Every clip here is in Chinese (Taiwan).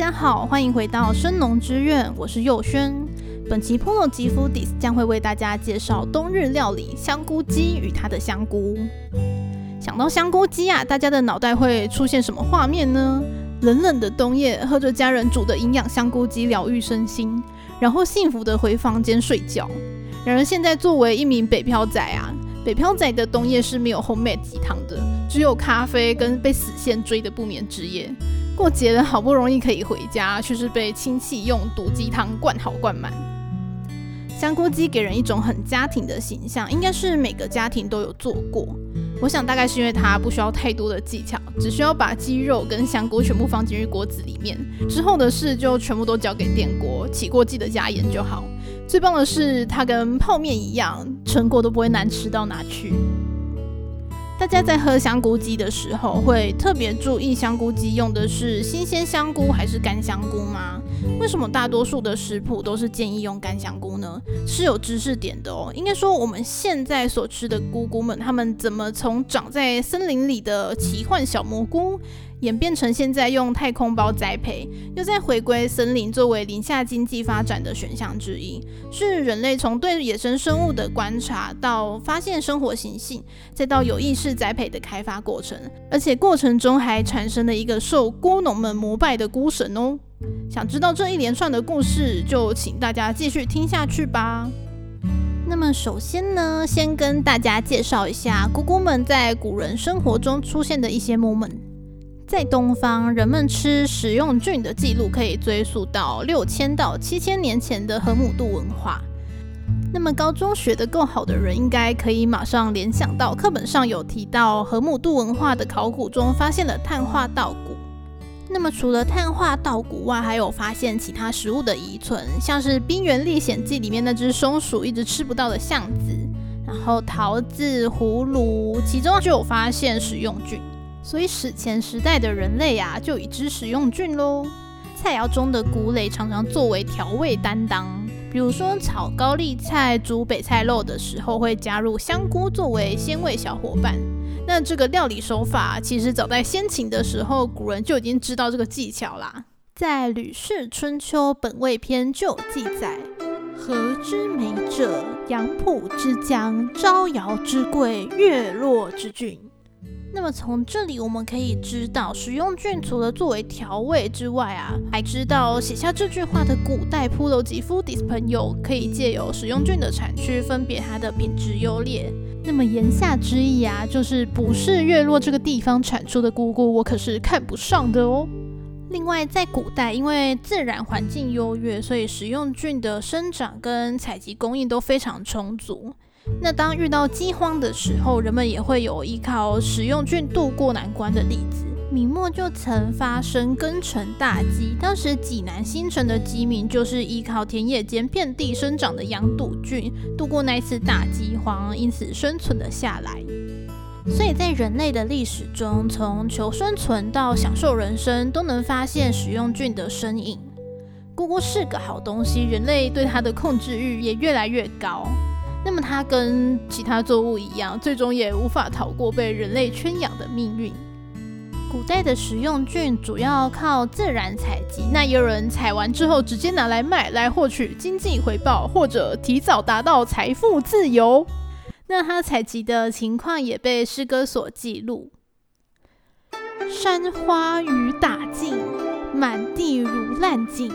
大家好，歡迎回到生農之院，我是佑軒。本期噗摟級 foodies 將會為大家介紹冬日料理香菇雞與它的香菇。想到香菇雞啊，大家的腦袋會出現什麼畫面呢？冷冷的冬夜，喝着家人煮的營養香菇雞，療癒身心，然後幸福地回房間睡覺。然而現在作為一名北漂仔啊，北漂仔的冬夜是沒有 homemade 雞湯的，只有咖啡跟被死線追的不眠之夜。過節了，好不容易可以回家，卻是被親戚用毒雞湯灌好灌滿。香菇雞給人一種很家庭的形象，應該是每個家庭都有做過。我想大概是因為它不需要太多的技巧，只需要把雞肉跟香菇全部放進去鍋子裡面，之後的事就全部都交給電鍋，起鍋記得加鹽就好。最棒的是，它跟泡麵一樣，成果都不會難吃到哪去。大家在喝香菇雞的時候，會特別注意香菇雞用的是新鮮香菇還是乾香菇嗎？為什麼大多數的食譜都是建議用乾香菇呢？是有知識點的哦。應該說，我們現在所吃的菇菇們，它們怎麼從長在森林裡的奇幻小蘑菇，演變成現在用太空包栽培，又再回歸森林作為林下經濟發展的選項之一，是人類從對野生生物的觀察到發現生活習性，再到有意識栽培的開發過程。而且過程中還產生了一個受菇農們膜拜的菇神哦。想知道這一連串的故事，就請大家繼續聽下去吧。那麼首先呢，先跟大家介紹一下菇菇們在古人生活中出現的一些 moment。在東方，人們吃食用菌的記錄可以追溯到六千到七千年前的河姆渡文化。那麼，高中學得更好的人應該可以馬上聯想到，課本上有提到河姆渡文化的考古中發現了碳化稻穀。那麼，除了碳化稻穀外，還有發現其他食物的遺存，像是《冰原歷險記》裡面那隻松鼠一直吃不到的橡子，然後桃子、葫蘆，其中就有發現食用菌。所以史前時代的人類呀、啊，就已知食用菌嘍。菜餚中的菇類常常作為調味擔當，比如說炒高麗菜、煮北菜肉的時候，會加入香菇作為鮮味小夥伴。那這個料理手法，其實早在先秦的時候，古人就已經知道這個技巧啦。在《呂氏春秋本味篇》就有記載：“和之美者，陽樸之薑，招搖之桂，月落之菌。」那麼從這裡我們可以知道，食用菌除了作為調味之外啊，還知道寫下這句話的古代噗摟級 foodies 朋友可以借由食用菌的產區，分別它的品質優劣。那麼言下之意啊，就是不是月落這個地方產出的菇菇，我可是看不上的哦。另外在古代，因為自然環境優越，所以食用菌的生長跟採集供應都非常充足。那當遇到饑荒的時候，人們也會有依靠食用菌度過難關的例子。明末就曾發生庚辰大饑，當時濟南新城的饑民就是依靠田野間遍地生長的羊肚菌度過那次大饑荒，因此生存了下來。所以在人類的歷史中，從求生存到享受人生，都能發現食用菌的身影。菇菇是個好東西，人類對它的控制欲也越來越高。那麼它跟其他作物一樣，最終也無法逃過被人類圈養的命運。古代的食用菌主要靠自然採集，那有人採完之後直接拿來賣，來獲取經濟回報，或者提早達到財富自由。那他採集的情況也被詩歌所記錄：山花雨打盡，滿地如爛錦。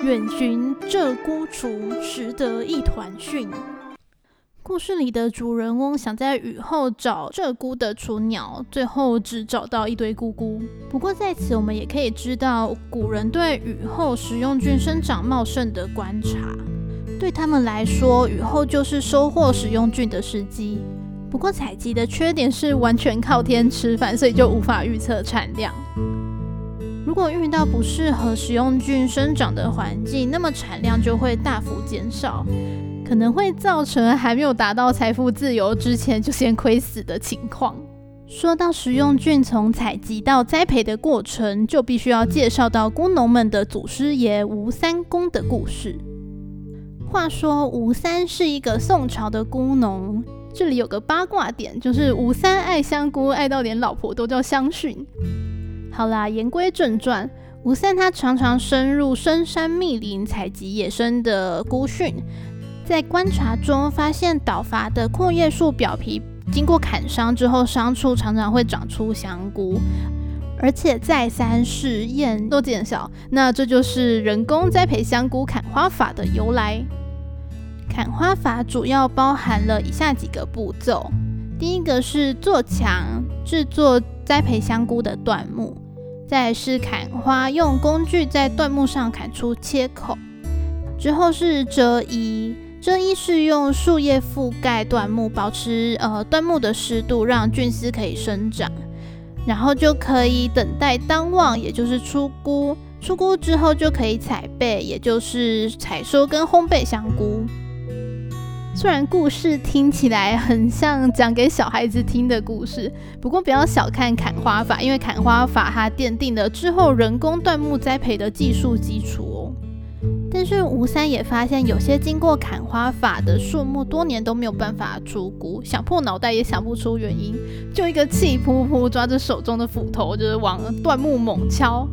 遠尋鷓鴣雛，拾得一團菌。故事裡的主人翁想在雨後找鷓鴣的雛鳥，最後只找到一堆菇菇。不過在此，我們也可以知道古人對雨後食用菌生長茂盛的觀察。對他們來說，雨後就是收穫食用菌的時機。不過採集的缺點是完全靠天吃飯，所以就無法預測產量。如果遇到不適合食用菌生長的環境，那麼產量就會大幅減少。可能會造成還沒有達到財富自由之前就先虧死的情況。說到食用菌從採集到栽培的過程，就必須要介紹到菇農們的祖師爺吳三公的故事。話說吳三是一個宋朝的菇農。這裡有個八卦點，就是吳三愛香菇，愛到連老婆都叫香菇。好啦，言歸正傳，吳三他常常深入深山密林，採集野生的菇蕈。在觀察中發現，倒伐的闊葉樹表皮經過砍傷之後，傷處常常會長出香菇，而且再三試驗都見效。那這就是人工栽培香菇砍花法的由來。砍花法主要包含了以下幾個步驟：第一個是做牆，製作栽培香菇的段木；再是砍花，用工具在段木上砍出切口；之後是遮衣。遮衣是用樹葉覆蓋椴木，保持呃椴木的濕度，讓菌絲可以生長，然後就可以等待當旺，也就是出菇。出菇之後就可以採焙，也就是採收跟烘焙香菇。雖然故事聽起來很像講給小孩子聽的故事，不過不要小看砍花法，因為砍花法它奠定了之後人工椴木栽培的技術基礎。但是吳三也發現，有些經過砍花法的樹木，多年都沒有辦法出菇，想破腦袋也想不出原因，就一個氣撲撲抓着手中的斧頭，就是往斷木猛敲。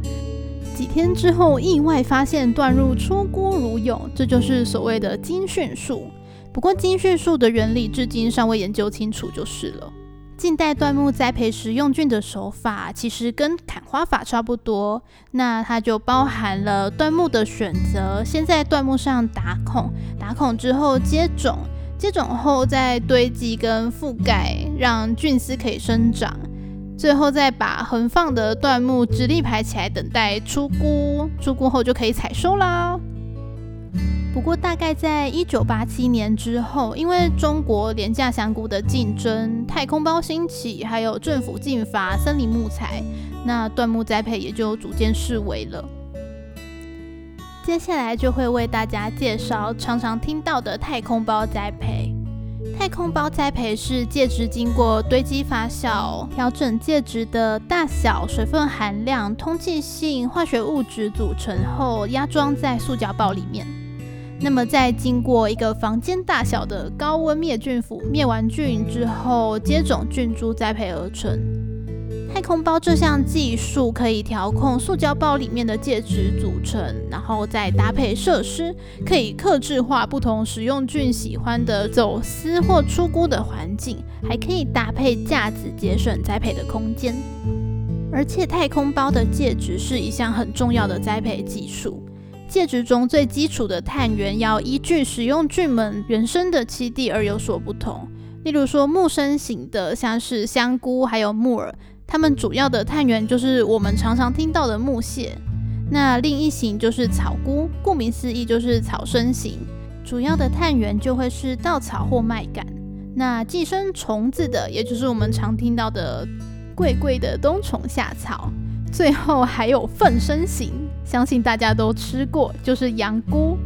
幾天之後，意外發現斷木出菇如湧，這就是所謂的驚蕈術。不過驚蕈術的原理至今尚未研究清楚，就是了。近代椴木栽培食用菌的手法，其實跟砍花法差不多。那它就包含了椴木的選擇，先在椴木上打孔，打孔之後接種，接種後再堆積跟覆蓋，讓菌絲可以生長。最後再把橫放的椴木直立排起來，等待出菇。出菇後就可以採收啦。不過，大概在一九八七年之後，因為中國廉價香菇的競爭、太空包興起，還有政府禁伐森林木材，那段木栽培也就逐漸式微了。接下來就會為大家介紹常常聽到的太空包栽培。太空包栽培是介質經過堆積發酵、調整介質的大小、水分含量、通氣性、化學物質組成後，壓裝在塑膠包裡面。那麼，在經過一個房間大小的高溫滅菌釜滅完菌之後，接種菌株栽培而成。太空包這項技術可以調控塑膠包裡面的介質組成，然後再搭配設施，可以客製化不同食用菌喜歡的走絲或出菇的環境，還可以搭配架子節省栽培的空間。而且，太空包的介質是一項很重要的栽培技術。介質中最基礎的碳源要依據食用菌們原生的棲地而有所不同。例如說木生型的，像是香菇還有木耳，它們主要的碳源就是我們常常聽到的木屑。那另一型就是草菇，顧名思義就是草生型，主要的碳源就會是稻草或麥稈。那寄生蟲子的，也就是我們常聽到的貴貴的冬蟲夏草。最後還有糞生型。相信大家都吃過，就是洋菇。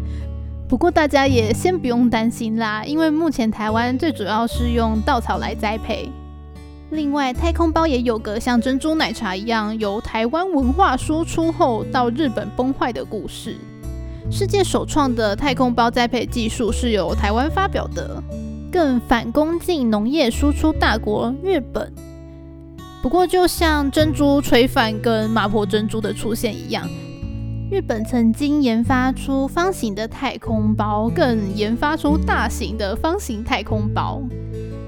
不過大家也先不用擔心啦，因為目前台灣最主要是用稻草來栽培。另外，太空包也有個像珍珠奶茶一樣，由台灣文化輸出後到日本崩壞的故事。世界首創的太空包栽培技術是由台灣發表的，更反攻進農業輸出大國日本。不過，就像珍珠炊飯跟麻婆珍珠的出現一樣。日本曾經研發出方形的太空包，更研發出大型的方形太空包。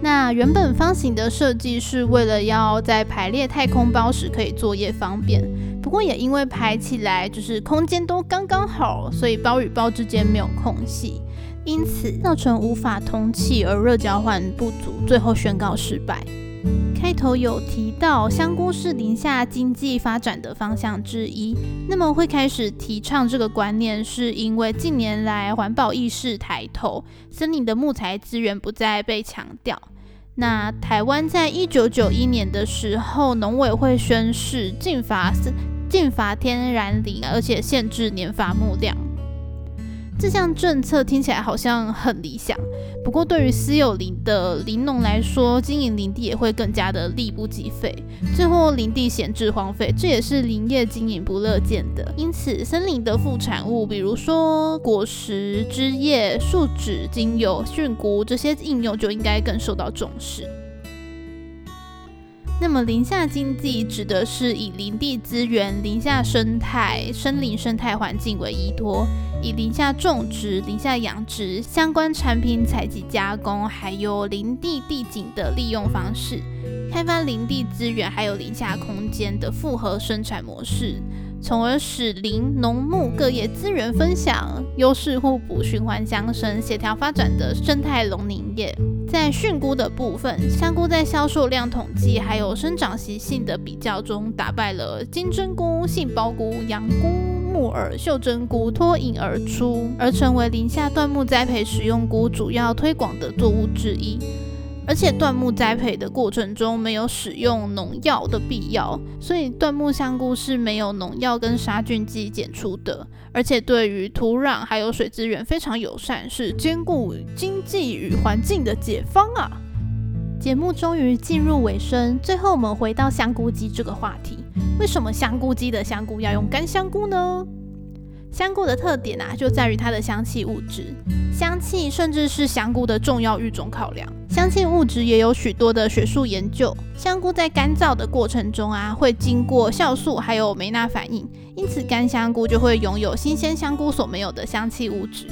那原本方形的設計是為了要在排列太空包時可以作業方便，不過也因為排起來就是空間都剛剛好，所以包與包之間沒有空隙，因此造成無法通氣而熱交換不足，最後宣告失敗。開頭有提到香菇是林下經濟發展的方向之一，那麼會開始提倡這個觀念，是因為近年來環保意識抬頭，森林的木材資源不再被強調。那台灣在一九九一年的時候，農委會宣示禁伐禁伐天然林，而且限制年伐木量。這項政策聽起來好像很理想。不過，對於私有林的林農來說，經營林地也會更加的利不及費，最後林地閒置荒廢，這也是林業經營不樂見的。因此，森林的副產物，比如說果實、枝葉、樹脂、精油、菌菇這些應用，就應該更受到重視。那麼，林下經濟指的是以林地資源、林下生態、森林生態環境為依託，以林下種植、林下養殖相關產品採集加工，還有林地地景的利用方式，開發林地資源，還有林下空間的複合生產模式，從而使林、農牧各業資源分享、優勢互補、循環相生、協調發展的生態農林業。在蕈菇的部分，香菇在銷售量統計還有生長習性的比較中，打敗了金針菇、杏鮑菇、洋菇、木耳、袖珍菇，脫穎而出，而成為林下段木栽培食用菇主要推廣的作物之一。而且段木栽培的過程中沒有使用農藥的必要，所以段木香菇是沒有農藥跟殺菌劑檢出的。而且對於土壤還有水資源非常友善，是兼顧經濟與環境的解方啊！節目終於進入尾聲，最後我們回到香菇雞這個話題：為什麼香菇雞的香菇要用乾香菇呢？香菇的特點啊，就在於它的香氣物質，香氣甚至是香菇的重要育種考量。香氣物質也有許多的學術研究。香菇在乾燥的過程中啊，會經過酵素還有梅納反應，因此乾香菇就會擁有新鮮香菇所沒有的香氣物質，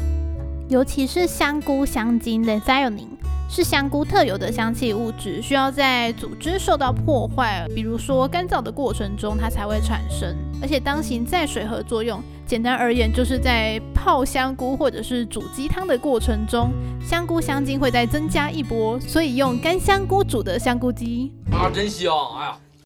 尤其是香菇香精 lenthionine 是香菇特有的香氣物質，需要在組織受到破壞，比如說乾燥的過程中，它才會產生。而且，當行再水合作用，簡單而言，就是在泡香菇或者是煮雞湯的過程中，香菇香精會再增加一波，所以用乾香菇煮的香菇雞啊，真香！哎呀。